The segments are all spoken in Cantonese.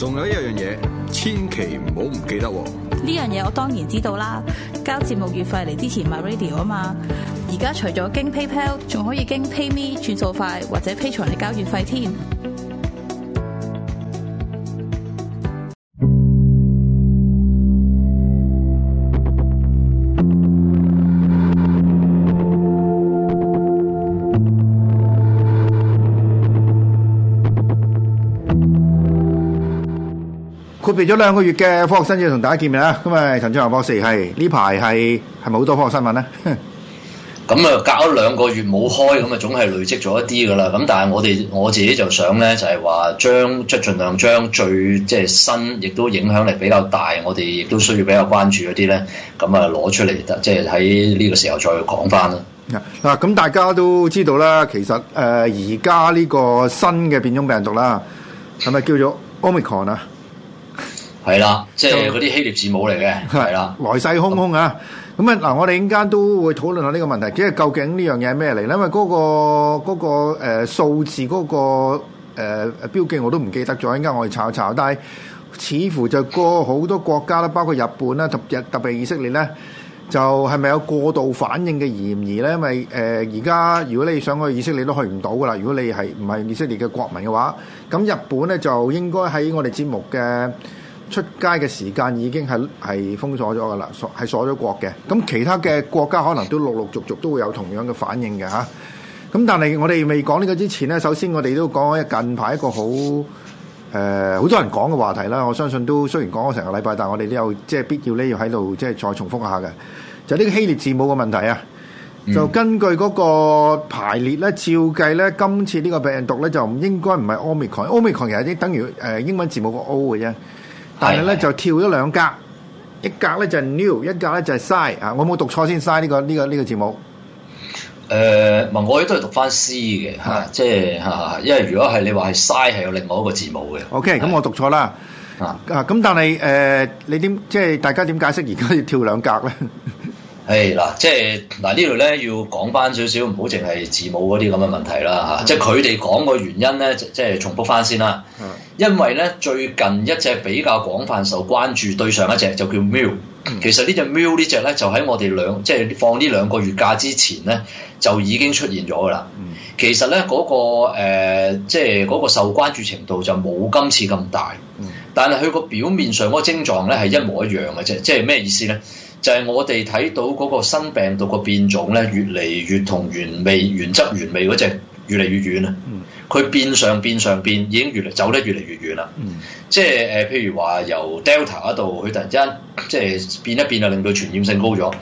仲有一樣嘢，千祈唔好唔記得喎！呢樣嘢我當然知道啦，交節目月費嚟支持 MyRadio 啊嘛！而家除咗經 PayPal，仲可以經 PayMe 轉數快，或者 Patreon 嚟交月費添。別咗兩個月嘅科學新知同大家見面啦，咁咪陳志宏博士係呢排係係咪好多科學新聞咧？咁 啊，隔咗兩個月冇開，咁啊，總係累積咗一啲噶啦。咁但係我哋我自己就想咧，就係、是、話將即係盡量將最即係新，亦都影響力比較大，我哋亦都需要比較關注嗰啲咧，咁啊攞出嚟，即係喺呢個時候再去講翻啦。嗱咁大家都知道啦，其實誒而家呢個新嘅變種病毒啦，係咪叫做 Omicron 啊？係啦，即係嗰啲希臘字母嚟嘅，係啦的，來勢洶洶啊。咁啊嗱，我哋陣間都會討論下呢個問題，即係究竟呢樣嘢係咩嚟咧？因為嗰、那個嗰、那個、呃、數字嗰、那個誒、呃、標記我都唔記得咗，陣間我哋查一查。但係似乎就過好多國家啦，包括日本啦，特日特別以色列咧，就係、是、咪有過度反應嘅嫌疑咧？因為誒而家如果你想去以色列都去唔到噶啦，如果你係唔係以色列嘅國民嘅話，咁日本咧就應該喺我哋節目嘅。出街嘅時間已經係係封鎖咗㗎啦，鎖係鎖咗國嘅。咁其他嘅國家可能都陸陸續續都會有同樣嘅反應嘅嚇。咁但係我哋未講呢個之前咧，首先我哋都講近排一個好誒好多人講嘅話題啦。我相信都雖然講咗成個禮拜，但係我哋都有即係必要咧要喺度即係再重複下嘅。就呢個希臘字母嘅問題啊，就根據嗰個排列咧，照計咧，今次呢個病毒咧就唔應該唔係 Omicron，Omicron 其實啲等於誒英文字母個 O 嘅啫。但係咧是的 就跳咗兩格，一格咧就係 new，一格咧就係 s i z e 啊！我冇讀錯先 s i z e 呢、呢個呢、呢個呢、呢個字母。誒，文哥，我都係讀翻 C 嘅嚇，即係嚇因為如果係你話係 s i z e 係有另外一個字母嘅。OK，咁是的 我讀錯啦。是的 啊咁、啊、但係誒、呃，你點即係大家點解釋而家要跳兩格咧？係嗱、hey,，即係嗱呢度咧要講翻少少，唔好淨係字母嗰啲咁嘅問題啦嚇、嗯。即係佢哋講個原因咧，即係重複翻先啦。嗯、因為咧最近一隻比較廣泛受關注，對上一隻就叫 Mu。其實隻隻呢隻 Mu 呢隻咧，就喺我哋兩即係放呢兩個月假之前咧，就已經出現咗噶啦。其實咧嗰、那個、呃、即係嗰、那個、受關注程度就冇今次咁大，但係佢個表面上嗰個症狀咧係一模一樣嘅啫。即係咩意思咧？就係我哋睇到嗰個新病毒個變種咧，越嚟越同原味、原質、原味嗰隻越嚟越遠啊！佢變上變上變，已經越嚟走得越嚟越遠啦、嗯。即係譬如話由 Delta 嗰度，佢突然間即係變一變啊，令到傳染性高咗。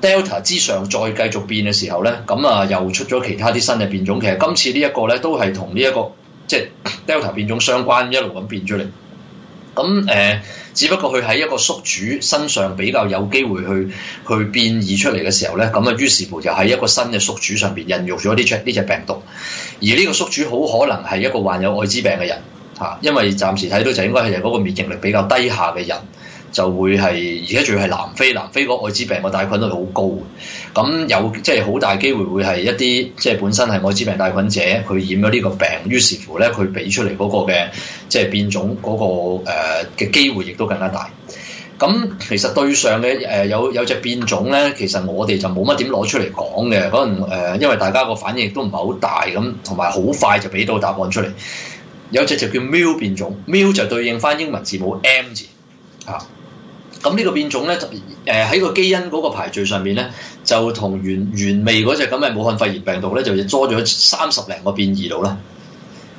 Delta 之上再繼續變嘅時候咧，咁啊又出咗其他啲新嘅變種。其實今次呢一個咧，都係同呢一個即係 Delta 變種相關，一路咁變出嚟。咁誒、呃，只不過佢喺一個宿主身上比較有機會去去變異出嚟嘅時候呢，咁啊，於是乎就喺一個新嘅宿主上邊孕育咗呢隻呢隻病毒，而呢個宿主好可能係一個患有愛滋病嘅人嚇、啊，因為暫時睇到就應該係嗰個免疫力比較低下嘅人。就會係，而家仲要係南非，南非嗰愛滋病個帶菌率好高嘅。咁有即係好大機會會係一啲即係本身係愛滋病帶菌者，佢染咗呢個病，於是乎咧佢俾出嚟嗰個嘅即係變種嗰、嗰個嘅、呃、機會，亦都更加大。咁其實對上嘅誒、呃、有有隻變種咧，其實我哋就冇乜點攞出嚟講嘅。可能、呃、因為大家個反應亦都唔係好大咁，同埋好快就俾到答案出嚟。有一隻就叫 Mu 變種，Mu 就對應翻英文字母 M 字啊。咁呢個變種咧，誒、呃、喺個基因嗰個排序上面咧，就同原原味嗰隻咁嘅武漢肺炎病毒咧，就捉多咗三十零個變異度啦。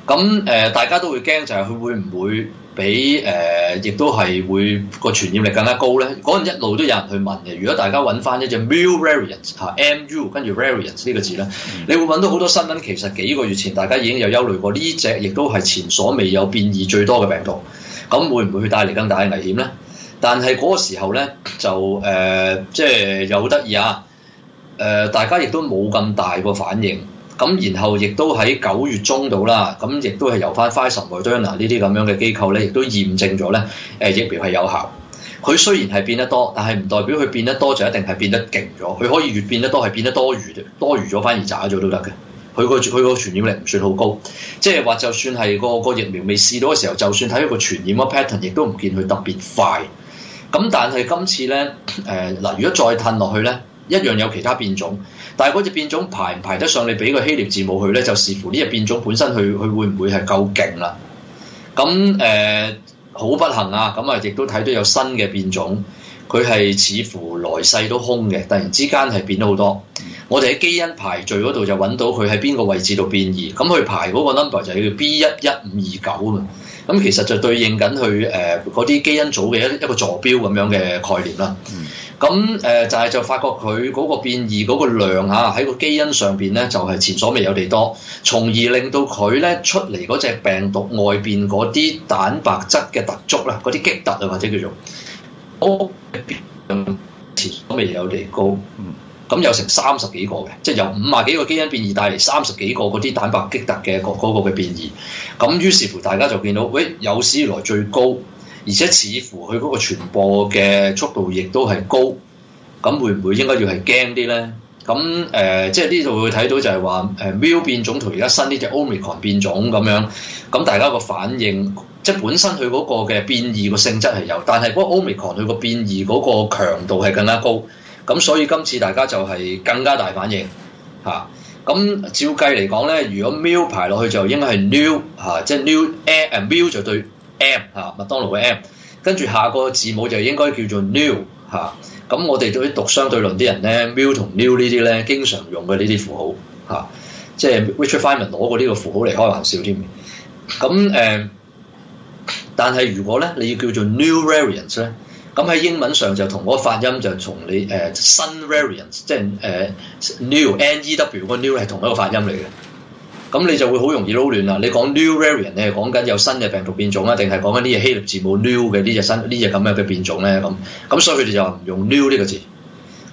咁誒、呃，大家都會驚就係佢會唔會比誒、呃，亦都係會個傳染力更加高咧？嗰陣一路都有人去問嘅。如果大家揾翻一隻 Mu variant 嚇 M U 跟住 variant 呢個字咧，你會揾到好多新聞。其實幾個月前大家已經有憂慮過呢隻，亦都係前所未有變異最多嘅病毒。咁會唔會帶嚟更大嘅危險咧？但係嗰個時候咧，就誒、呃、即係有得意啊！誒、呃，大家亦都冇咁大個反應。咁然後亦都喺九月中到啦，咁亦都係由翻 Pfizer、Moderna 呢啲咁樣嘅機構咧，亦都驗證咗咧，誒、呃、疫苗係有效。佢雖然係變得多，但係唔代表佢變得多就一定係變得勁咗。佢可以越變得多係變得多餘，多餘咗反而渣咗都得嘅。佢個佢個傳染力唔算好高，即係話就算係、嗰個、嗰個疫苗未試到嘅時候，就算睇咗個傳染嘅 pattern，亦都唔見佢特別快。咁但係今次咧，誒、呃、嗱，如果再褪落去咧，一樣有其他變種，但係嗰隻變種排唔排得上你俾個希臘字母佢咧，就視乎呢隻變種本身佢佢會唔會係夠勁啦？咁誒好不幸啊！咁、嗯、啊，亦都睇到有新嘅變種，佢係似乎來勢都兇嘅，突然之間係變咗好多。我哋喺基因排序嗰度就揾到佢喺邊個位置度變異，咁、嗯、佢排嗰個 number 就係叫 B 一一五二九啊嘛。咁其實就對應緊佢誒嗰啲基因組嘅一一個座標咁樣嘅概念啦。咁誒、嗯呃、就係、是、就發覺佢嗰個變異嗰、那個量啊，喺個基因上邊咧就係、是、前所未有地多，從而令到佢咧出嚟嗰隻病毒外邊嗰啲蛋白質嘅突觸啦，嗰啲激突啊或者叫做，前所未有地高。嗯。咁有成三十幾個嘅，即係由五十幾個基因變異帶嚟三十幾個嗰啲蛋白激突嘅嗰嗰個嘅變異。咁於是乎大家就見到，喂，有史以來最高，而且似乎佢嗰個傳播嘅速度亦都係高。咁會唔會應該要係驚啲咧？咁誒、呃，即係呢度會睇到就係話誒，Mu 變種同而家新呢隻 Omicron 變種咁樣。咁大家個反應，即係本身佢嗰個嘅變異個性質係有，但係嗰 Omicron 佢個變異嗰個強度係更加高。咁所以今次大家就係更加大反應嚇。咁、啊、照計嚟講咧，如果 mu 排落去就應該係 new 嚇、啊，即、就、係、是、new a 誒 mu 就對 m 嚇、啊，麥當勞嘅 m。跟住下個字母就應該叫做 new 嚇、啊。咁我哋對讀相對論啲人咧，mu 同 new 呢啲咧，經常用嘅呢啲符號嚇，即、啊、係、就是、Richard Feynman 攞過呢個符號嚟開玩笑添。咁、啊、誒，uh, 但係如果咧，你要叫做 new variant 咧？咁喺英文上就同嗰個發音就從你誒、uh, 新 variant，即、就、係、是、new，N-E-W 個、uh, new 係、e、同一個發音嚟嘅。咁你就會好容易撈亂啦。你講 new variant，你係講緊有新嘅病毒變種啊，定係講緊呢隻希臘字母 new 嘅呢隻新呢隻咁樣嘅變種咧？咁咁所以佢哋就唔用 new 呢個字。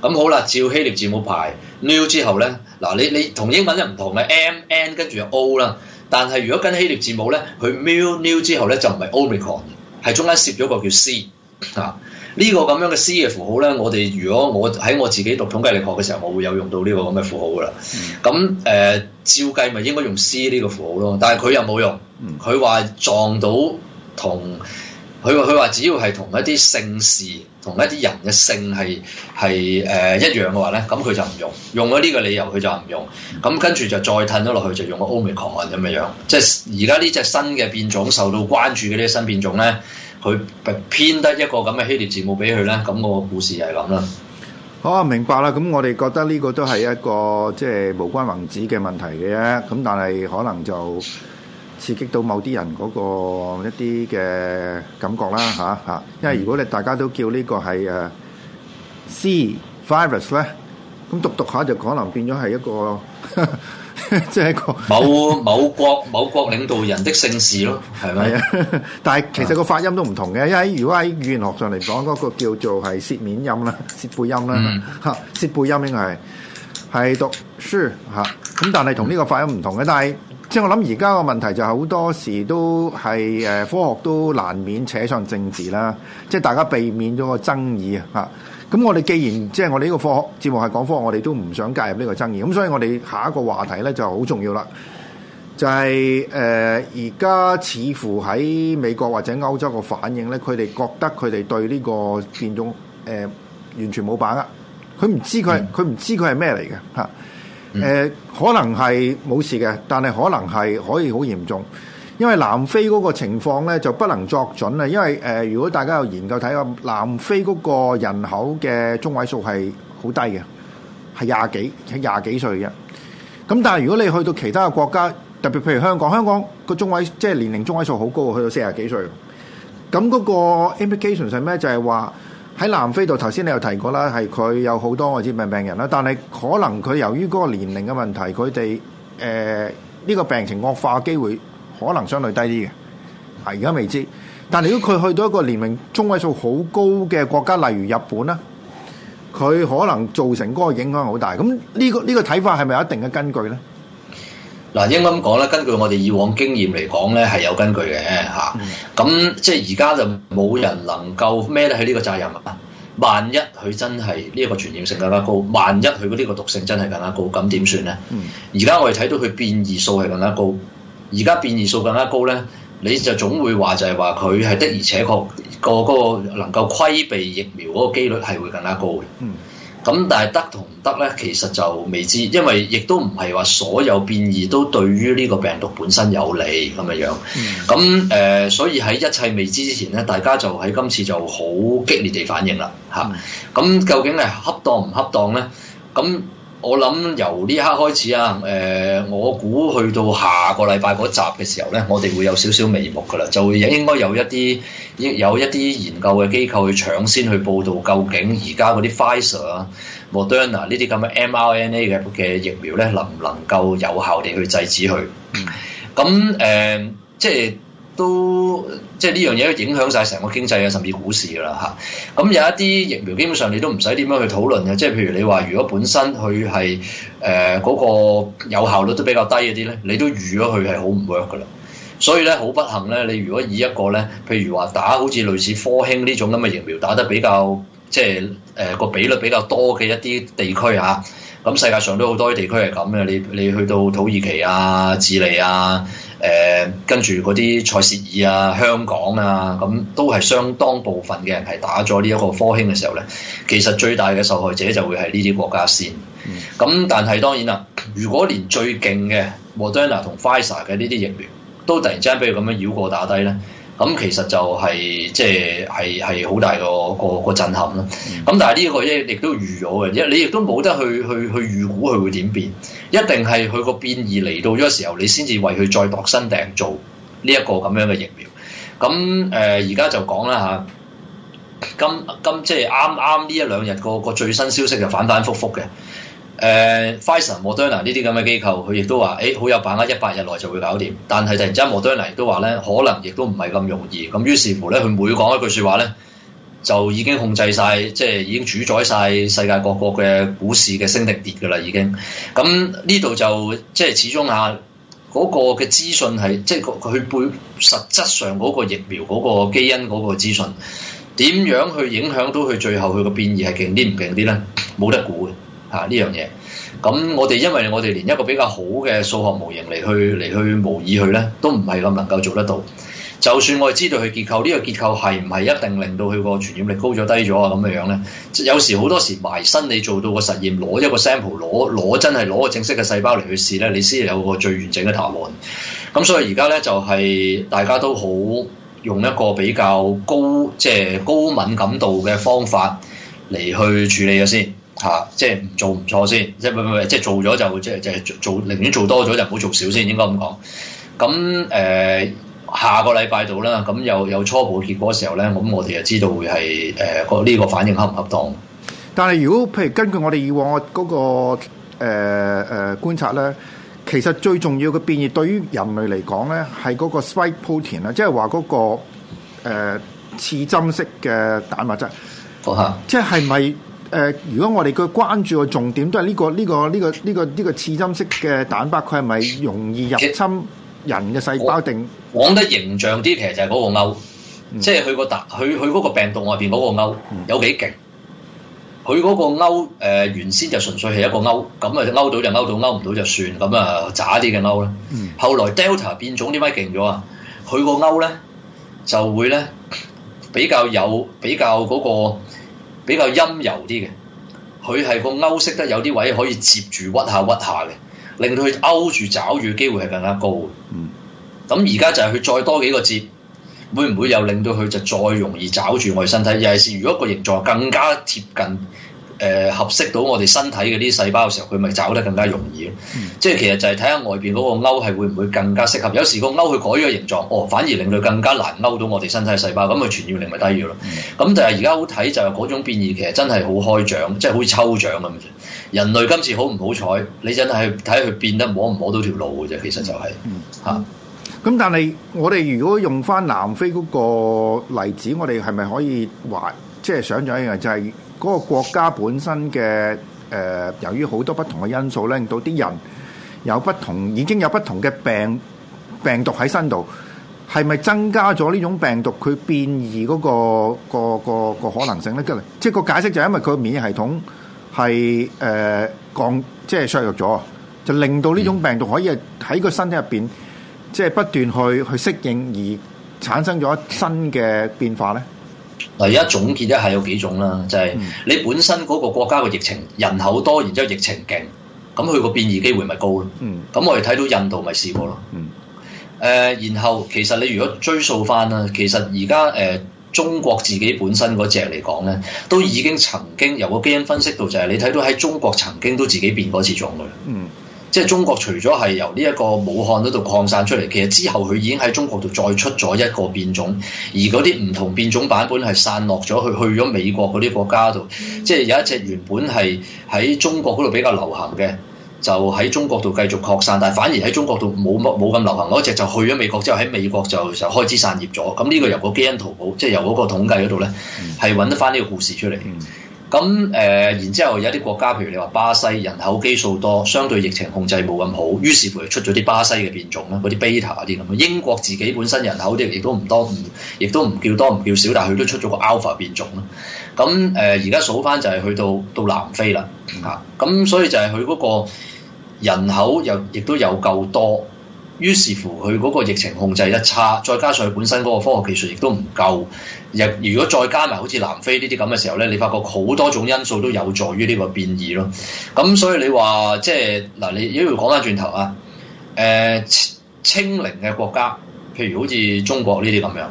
咁好啦，照希臘字母排 new 之後咧，嗱你你同英文咧唔同嘅 M-N 跟住就 O 啦。但係如果跟希臘字母咧，佢 new new 之後咧就唔係 omicron，係中間攝咗個叫 C 啊。 呢個咁樣嘅 C 嘅符號咧，我哋如果我喺我自己讀統計力學嘅時候，我會有用到呢個咁嘅符號噶啦。咁誒、嗯呃、照計咪應該用 C 呢個符號咯，但係佢又冇用。佢話撞到同佢佢話只要係同一啲姓氏同一啲人嘅姓係係誒一樣嘅話咧，咁佢就唔用。用咗呢個理由佢就唔用。咁跟住就再褪咗落去，就用個歐美狂 c r 咁嘅樣。即係而家呢隻新嘅變種受到關注嘅呢啲新變種咧。佢編得一個咁嘅希臘字母俾佢咧，咁個故事係咁啦。好啊，明白啦。咁我哋覺得呢個都係一個即係無關宏旨嘅問題嘅啫。咁但係可能就刺激到某啲人嗰個一啲嘅感覺啦，嚇嚇。因為如果你大家都叫呢個係誒 C virus 咧，咁讀讀下就可能變咗係一個。即係 是一個 某某國某國領導人的姓氏咯，係咪啊？ 但係其實個發音都唔同嘅，因為如果喺語言學上嚟講，嗰、那個叫做係舌面音啦，舌背音啦，吓舌、嗯、 背音應該係係讀書吓，咁但係同呢個發音唔同嘅。但係即係我諗而家個問題就係好多時都係誒科學都難免扯上政治啦，即、就、係、是、大家避免咗個爭議啊吓。咁我哋既然即係我哋呢個科學節目係講科學，我哋都唔想介入呢個爭議。咁所以我哋下一個話題咧，就好重要啦，就係誒而家似乎喺美國或者歐洲個反應咧，佢哋覺得佢哋對呢個變種誒完全冇把握，佢唔知佢佢唔知佢係咩嚟嘅吓。誒、呃、可能係冇事嘅，但係可能係可以好嚴重。因為南非嗰個情況咧就不能作準啦，因為誒、呃，如果大家有研究睇下，南非嗰個人口嘅中位數係好低嘅，係廿幾，係廿幾歲嘅。咁但係如果你去到其他嘅國家，特別譬如香港，香港個中位即係年齡中位數好高，去到四十幾歲。咁嗰個 implications 係咩？就係話喺南非度，頭先你又提過啦，係佢有好多艾滋病病人啦，但係可能佢由於嗰個年齡嘅問題，佢哋誒呢個病情惡化嘅機會。可能相對低啲嘅，啊，而家未知，但係如果佢去到一個年齡中位數好高嘅國家，例如日本啦，佢可能造成嗰個影響好大。咁呢、呢個呢、呢個睇法係咪有一定嘅根據咧？嗱，應該咁講咧，根據我哋以往經驗嚟講咧，係有根據嘅吓。咁、啊、即係而家就冇人能夠孭得起呢個責任啊！萬一佢真係呢一個傳染性更加高，萬一佢呢個毒性真係更加高，咁點算咧？而家我哋睇到佢變異數係更加高。而家變異數更加高呢，你就總會話就係話佢係的而且確個嗰個能夠規避疫苗嗰個機率係會更加高嘅。咁、嗯、但係得同唔得呢，其實就未知，因為亦都唔係話所有變異都對於呢個病毒本身有利咁嘅樣。嗯，咁誒、呃，所以喺一切未知之前呢，大家就喺今次就好激烈地反應啦。嚇、嗯，咁、啊、究竟係恰當唔恰當呢？咁我諗由呢刻開始啊，誒、呃，我估去到下個禮拜嗰集嘅時候咧，我哋會有少少眉目噶啦，就會應該有一啲，有一啲研究嘅機構去搶先去報導，究竟而家嗰啲 Pfizer 啊、Moderna 呢、啊、啲咁嘅 mRNA 嘅嘅疫苗咧，能唔能夠有效地去制止佢？咁、嗯、誒、呃，即係。都即係呢樣嘢都影響晒成個經濟啊，甚至股市㗎啦嚇。咁、嗯、有一啲疫苗，基本上你都唔使點樣去討論嘅。即係譬如你話，如果本身佢係誒嗰個有效率都比較低嗰啲咧，你都預咗佢係好唔 work 噶啦。所以咧好不幸咧，你如果以一個咧，譬如話打好似類似科興呢種咁嘅疫苗打得比較即係誒個比率比較多嘅一啲地區嚇。嗯咁世界上都好多地區係咁嘅，你你去到土耳其啊、智利啊、誒跟住嗰啲塞舌爾啊、香港啊，咁都係相當部分嘅人係打咗呢一個科興嘅時候咧，其實最大嘅受害者就會係呢啲國家先。咁、嗯、但係當然啦，如果連最勁嘅 Moderna 同 Pfizer 嘅呢啲疫苗都突然之間畀佢咁樣繞過打低咧。咁其實就係即係係係好大個個個震撼咯。咁但係呢一個亦都預咗嘅，因為你亦都冇得去去去預估佢會點變，一定係佢個變異嚟到咗時候，你先至為佢再度身訂造呢一個咁樣嘅疫苗。咁誒而家就講啦吓，今今即係啱啱呢一兩日個個最新消息就反反覆覆嘅。誒 Pfizer Moderna 呢啲咁嘅機構，佢亦都話，誒，好有把握，一百日內就會搞掂。但係突然之間，Moderna 亦都話咧，可能亦都唔係咁容易。咁於是乎咧，佢每講一句説話咧，就已經控制晒，即係已經主宰晒世界各國嘅股市嘅升定跌嘅啦。已經咁呢度就即係始終下嗰個嘅資訊係，即係佢背實質上嗰個疫苗嗰個基因嗰個資訊，點樣去影響到佢最後佢個變異係勁啲唔勁啲咧？冇得估嘅。啊！呢樣嘢，咁我哋因為我哋連一個比較好嘅數學模型嚟去嚟去模擬佢呢都唔係咁能夠做得到。就算我哋知道佢結構，呢、這個結構係唔係一定令到佢個傳染力高咗低咗啊？咁樣樣咧，有時好多時埋身你做到個實驗，攞一個 sample 攞攞真係攞個正式嘅細胞嚟去試呢你先有個最完整嘅答案。咁所以而家呢，就係、是、大家都好用一個比較高即係、就是、高敏感度嘅方法嚟去處理咗先。嚇、啊！即係唔做唔錯先，即係即係做咗就即係即係做，寧願做多咗就唔好做少先，應該咁講。咁誒、呃、下個禮拜度啦，咁又有，有初步結果嘅時候咧，咁我哋就知道會係誒個呢個反應恰唔恰當？但係如果譬如根據我哋以往我嗰、那個誒、呃呃、觀察咧，其實最重要嘅變異對於人類嚟講咧，係嗰個 spike protein 啊、那個，即係話嗰個似刺針式嘅蛋白質。好嚇！即係係咪？誒、呃，如果我哋嘅關注嘅重點都係呢、呢個呢、呢個呢、呢個呢、呢個呢、呢個刺針式嘅蛋白，佢係咪容易入侵人嘅細胞？定講得形象啲，其實就係嗰個鈎，嗯、即係佢個特，佢佢嗰個病毒外邊嗰個鈎有幾勁？佢嗰、嗯、個鈎、呃、原先就純粹係一個勾，咁啊勾到就勾到，勾唔到就算，咁啊渣啲嘅勾。啦、嗯。後來 Delta 變種點解勁咗啊？佢個勾咧就會咧比較有比較嗰、嗰個。嗰個比較陰柔啲嘅，佢係個勾式得有啲位可以接住屈下屈下嘅，令到佢勾住抓住嘅機會係更加高嘅。嗯，咁而家就係佢再多幾個節，會唔會又令到佢就再容易找住我哋身體？尤其是如果個形狀更加貼近。誒、呃、合適到我哋身體嘅啲細胞嘅時候，佢咪走得更加容易，嗯、即係其實就係睇下外邊嗰個鈎係會唔會更加適合。有時個勾佢改咗形狀，哦，反而令佢更加難勾到我哋身體嘅細胞，咁佢傳染力咪低咗咯。咁、嗯、但係而家好睇就係嗰種變異其實真係好開獎，即係好似抽獎咁。人類今次好唔好彩？你真係睇佢變得摸唔摸到條路嘅啫。其實就係嚇。咁但係我哋如果用翻南非嗰個例子，我哋係咪可以話即係想象一樣就係、是？嗰個國家本身嘅誒、呃，由於好多不同嘅因素令到啲人有不同，已經有不同嘅病病毒喺身度，係咪增加咗呢種病毒佢變異嗰、那個個個，個，個可能性咧？即係即、這個解釋就係因為佢免疫系統係誒、呃、降，即係削弱咗，就令到呢種病毒可以喺個身體入邊、嗯、即係不斷去去適應，而產生咗新嘅變化咧。嗱，而家總結一下有幾種啦，就係、是、你本身嗰個國家嘅疫情人口多，然之後疫情勁，咁佢個變異機會咪高咯？咁我哋睇到印度咪試過咯。誒、呃，然後其實你如果追溯翻啦，其實而家誒中國自己本身嗰隻嚟講咧，都已經曾經由個基因分析到就係、是、你睇到喺中國曾經都自己變過次種嘅。嗯即係中國除咗係由呢一個武漢嗰度擴散出嚟，其實之後佢已經喺中國度再出咗一個變種，而嗰啲唔同變種版本係散落咗去去咗美國嗰啲國家度。即係有一隻原本係喺中國嗰度比較流行嘅，就喺中國度繼續擴散，但係反而喺中國度冇冇咁流行。嗰隻就去咗美國之後，喺美國就就開始散葉咗。咁呢個由個基因圖譜，即係由嗰個統計嗰度咧，係揾得翻呢個故事出嚟。嗯咁誒、呃，然之後有啲國家，譬如你話巴西，人口基數多，相對疫情控制冇咁好，於是乎出咗啲巴西嘅變種咧，嗰啲 beta 啲咁。英國自己本身人口啲亦都唔多，唔亦都唔叫多唔叫少，但係佢都出咗個 alpha 變種啦。咁誒，而家數翻就係去到到南非啦，嚇、啊、咁，所以就係佢嗰個人口又亦都有夠多。於是乎，佢嗰個疫情控制一差，再加上佢本身嗰個科學技術亦都唔夠，若如果再加埋好似南非呢啲咁嘅時候咧，你發覺好多種因素都有助於呢個變異咯。咁、嗯、所以你話即係嗱，你要說一路講翻轉頭啊，誒、呃、清零嘅國家，譬如好似中國呢啲咁樣，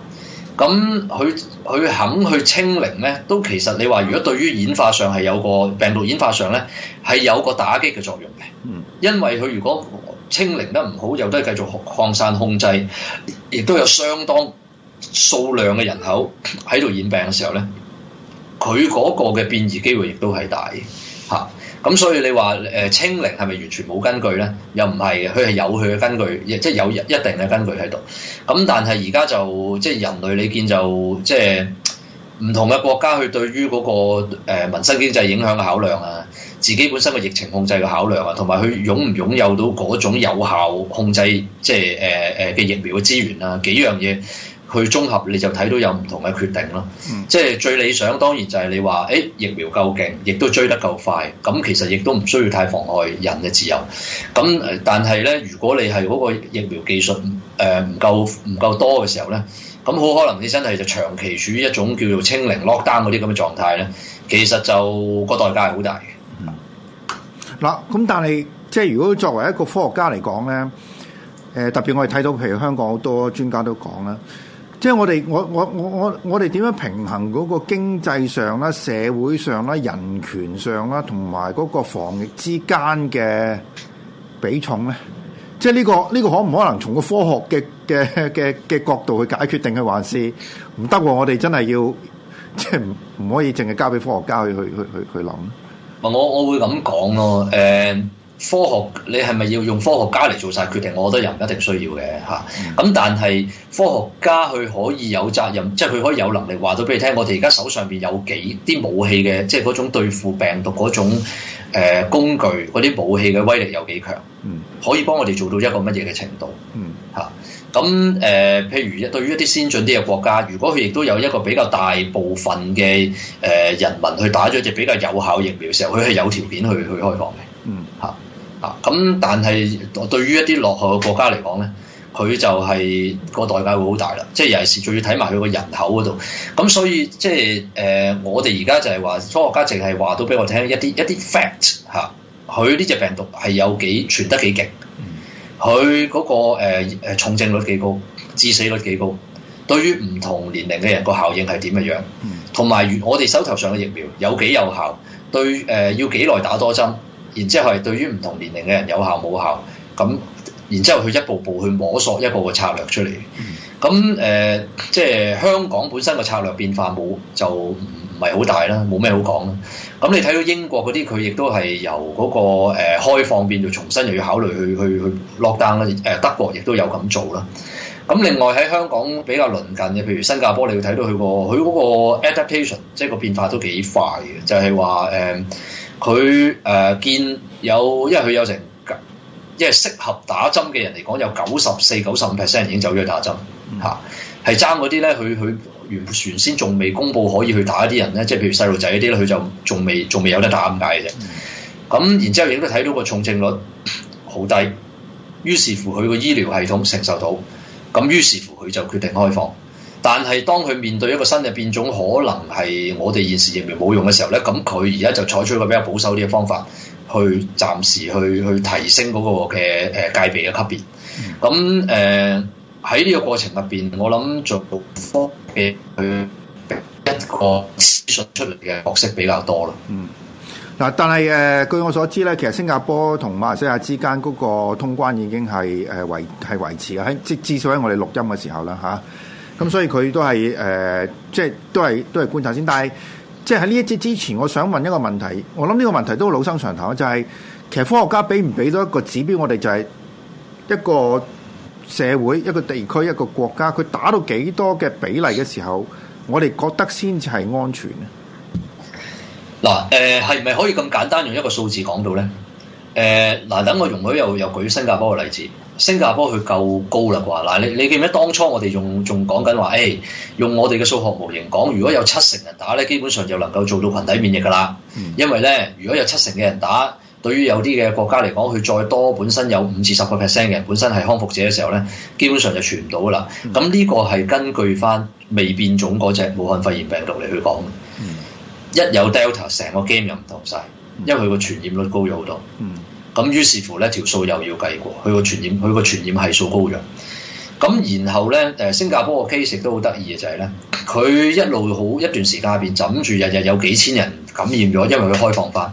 咁佢佢肯去清零咧，都其實你話如果對於演化上係有個病毒演化上咧，係有個打擊嘅作用嘅，嗯，因為佢如果。清零得唔好，又都係繼續擴散控制，亦都有相當數量嘅人口喺度染病嘅時候咧，佢嗰個嘅變異機會亦都係大嚇。咁所以你話誒清零係咪完全冇根據咧？又唔係，佢係有佢嘅根據，亦即係有一定嘅根據喺度。咁但係而家就即係、即係、人類你，你見就即係唔同嘅國家去對於嗰個誒民生經濟影響嘅考量啊。自己本身嘅疫情控制嘅考量啊，同埋佢擁唔擁有到嗰種有效控制，即係誒誒嘅疫苗嘅資源啊，幾樣嘢去綜合，你就睇到有唔同嘅決定咯。嗯、即係最理想當然就係你話誒、欸、疫苗夠勁亦都追得夠快，咁其實亦都唔需要太妨礙人嘅自由。咁誒，但係咧，如果你係嗰個疫苗技術誒唔夠唔夠多嘅時候咧，咁好可能你真係就長期處於一種叫做清零 lock down 嗰啲咁嘅狀態咧，其實就個代價係好大嘅。嗱，咁、嗯、但係即係如果作為一個科學家嚟講咧，誒、呃、特別我哋睇到，譬如香港好多專家都講啦，即係我哋我我我我我哋點樣平衡嗰個經濟上啦、社會上啦、人權上啦，同埋嗰個防疫之間嘅比重咧，即係呢個呢個可唔可能從個科學嘅嘅嘅嘅角度去解決定係還是唔得？我哋真係要即係唔可以淨係交俾科學家去去去去去諗。我我會咁講咯，誒、呃、科學你係咪要用科學家嚟做晒決定？我覺得又唔一定需要嘅嚇。咁、啊、但係科學家佢可以有責任，即係佢可以有能力話到俾你聽。我哋而家手上邊有幾啲武器嘅，即係嗰種對付病毒嗰種、呃、工具，嗰啲武器嘅威力有幾強？嗯，可以幫我哋做到一個乜嘢嘅程度？嗯、啊，嚇。咁誒、呃，譬如對於一啲先進啲嘅國家，如果佢亦都有一個比較大部分嘅誒人民去打咗一隻比較有效疫苗嘅時候，佢係有條件去去開放嘅。嗯、啊，嚇、啊、嚇。咁但係對於一啲落後嘅國家嚟講咧，佢就係個代價會好大啦。即係尤其是仲要睇埋佢個人口嗰度。咁、啊、所以即係誒、呃，我哋而家就係話科學家淨係話到俾我聽一啲一啲 fact 佢、啊、呢隻病毒係有幾傳得幾勁。佢嗰個誒誒重症率幾高，致死率幾高？對於唔同年齡嘅人個效應係點樣樣？同埋我哋手頭上嘅疫苗有幾有效？對誒要幾耐打多針？然之後係對於唔同年齡嘅人有效冇效？咁然之後佢一步步去摸索一個個策略出嚟。咁誒即係香港本身個策略變化冇就。唔係好大啦，冇咩好講啦。咁你睇到英國嗰啲，佢亦都係由嗰、嗰個誒、呃、開放變到重新，又要考慮去去去 lock down 啦。誒德國亦都有咁做啦。咁另外喺香港比較鄰近嘅，譬如新加坡，你要睇到佢個佢嗰個 adaptation，即係個變化都幾快嘅。就係話誒，佢、呃、誒、呃、見有，因為佢有成，因、就、為、係、適合打針嘅人嚟講，有九十四、九十五 percent 已經走咗去打針嚇，係爭嗰啲咧，佢佢。原先仲未公布可以去打一啲人咧，即係譬如細路仔啲咧，佢就仲未仲未有得打咁解嘅啫。咁然之後亦都睇到個重症率好低，於是乎佢個醫療系統承受到，咁於是乎佢就決定開放。但係當佢面對一個新嘅變種，可能係我哋現時疫苗冇用嘅時候咧，咁佢而家就採取一個比較保守啲嘅方法，去暫時去去提升嗰個嘅誒戒備嘅級別。咁誒。呃喺呢個過程入邊，我諗做科嘅佢一個資訊出嚟嘅角色比較多啦。嗯，嗱，但係誒，據我所知咧，其實新加坡同馬來西亞之間嗰個通關已經係誒維係維持嘅，喺即至少喺我哋錄音嘅時候啦，嚇、啊。咁所以佢都係誒、呃，即係都係都係觀察先。但係即係喺呢一節之前，我想問一個問題，我諗呢個問題都老生常談，就係、是、其實科學家俾唔俾到一個指標，我哋就係一個。社會，一個地區、一個國家，佢打到幾多嘅比例嘅時候，我哋覺得先至係安全咧。嗱，誒係咪可以咁簡單用一個數字講到呢？誒、呃、嗱，等我容許又又舉新加坡嘅例子，新加坡佢夠高啦啩？嗱，你你記唔記得當初我哋用仲講緊話，誒、哎、用我哋嘅數學模型講，如果有七成人打咧，基本上就能夠做到群體免疫噶啦。嗯、因為咧，如果有七成嘅人打。對於有啲嘅國家嚟講，佢再多本身有五至十個 percent 嘅人本身係康復者嘅時候咧，基本上就傳唔到啦。咁呢個係根據翻未變種嗰隻武漢肺炎病毒嚟去講，一有 Delta，成個 game 又唔同晒，因為佢個傳染率高咗好多。咁於是乎呢條數又要計過，佢個傳染佢個傳染係數高咗。咁然後呢，誒新加坡嘅 case 都好得意嘅就係呢，佢一路好一段時間入邊枕住日日有幾千人感染咗，因為佢開放翻。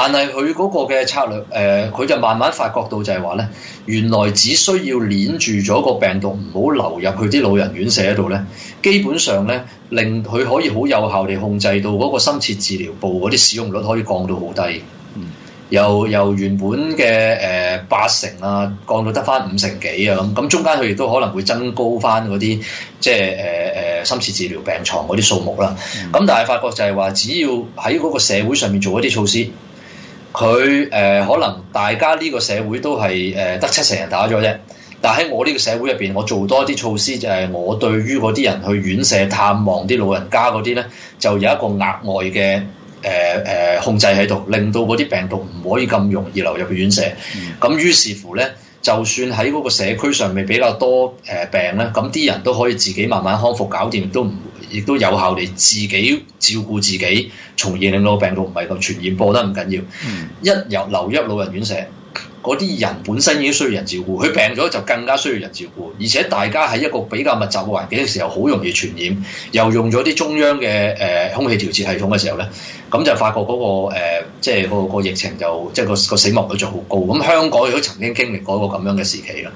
但係佢嗰個嘅策略，誒、呃、佢就慢慢發覺到就係話咧，原來只需要捻住咗個病毒唔好流入佢啲老人院舍度咧，基本上咧令佢可以好有效地控制到嗰個深切治療部嗰啲使用率可以降到好低。由由原本嘅誒、呃、八成啊，降到得翻五成幾啊咁，咁中間佢亦都可能會增高翻嗰啲即係誒誒深切治療病床嗰啲數目啦。咁、嗯、但係發覺就係話，只要喺嗰個社會上面做一啲措施。佢誒、呃、可能大家呢個社會都係誒得七成人打咗啫，但喺我呢個社會入邊，我做多啲措施就係、呃、我對於嗰啲人去院舍探望啲老人家嗰啲咧，就有一個額外嘅誒誒控制喺度，令到嗰啲病毒唔可以咁容易流入院舍。咁、嗯、於是乎咧，就算喺嗰個社區上面比較多誒、呃、病咧，咁啲人都可以自己慢慢康復搞掂都。唔。亦都有效地自己照顧自己，從而令到個病毒唔係咁傳染播得唔緊要。一由留入老人院舍，嗰啲人本身已經需要人照顧，佢病咗就更加需要人照顧，而且大家喺一個比較密集嘅環境嘅時候，好容易傳染。又用咗啲中央嘅誒空氣調節系統嘅時候咧，咁就發覺嗰個誒即係個個疫情就即係個個死亡率就好高。咁香港亦都曾經經歷過一個咁樣嘅時期啦。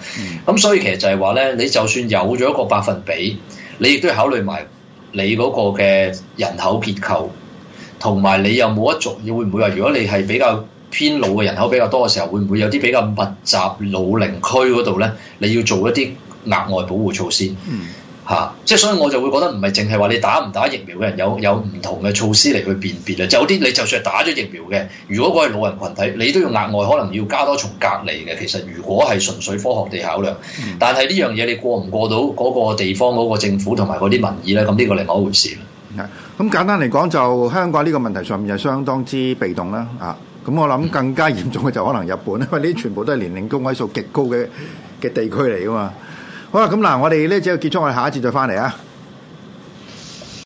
咁所以其實就係話咧，你就算有咗一個百分比，你亦都考慮埋。你嗰個嘅人口結構，同埋你有冇一族？會唔會話如果你係比較偏老嘅人口比較多嘅時候，會唔會有啲比較密集老齡區嗰度呢？你要做一啲額外保護措施。嗯。嚇！即係、啊、所以我就會覺得唔係淨係話你打唔打疫苗嘅人有有唔同嘅措施嚟去辨別啦。有啲你就算係打咗疫苗嘅，如果佢係老人群體，你都要額外可能要加多重隔離嘅。其實如果係純粹科學地考量，但係呢樣嘢你過唔過到嗰個地方嗰、嗰個政府同埋嗰啲民意咧，咁呢個另一回事啦。咁簡單嚟講，就香港呢個問題上面就相當之被動啦。啊，咁我諗更加嚴重嘅就可能日本，因為呢啲全部都係年齡高位數極高嘅嘅地區嚟噶嘛。好啦，咁嗱，我哋呢就要結束，我哋下一節再翻嚟啊。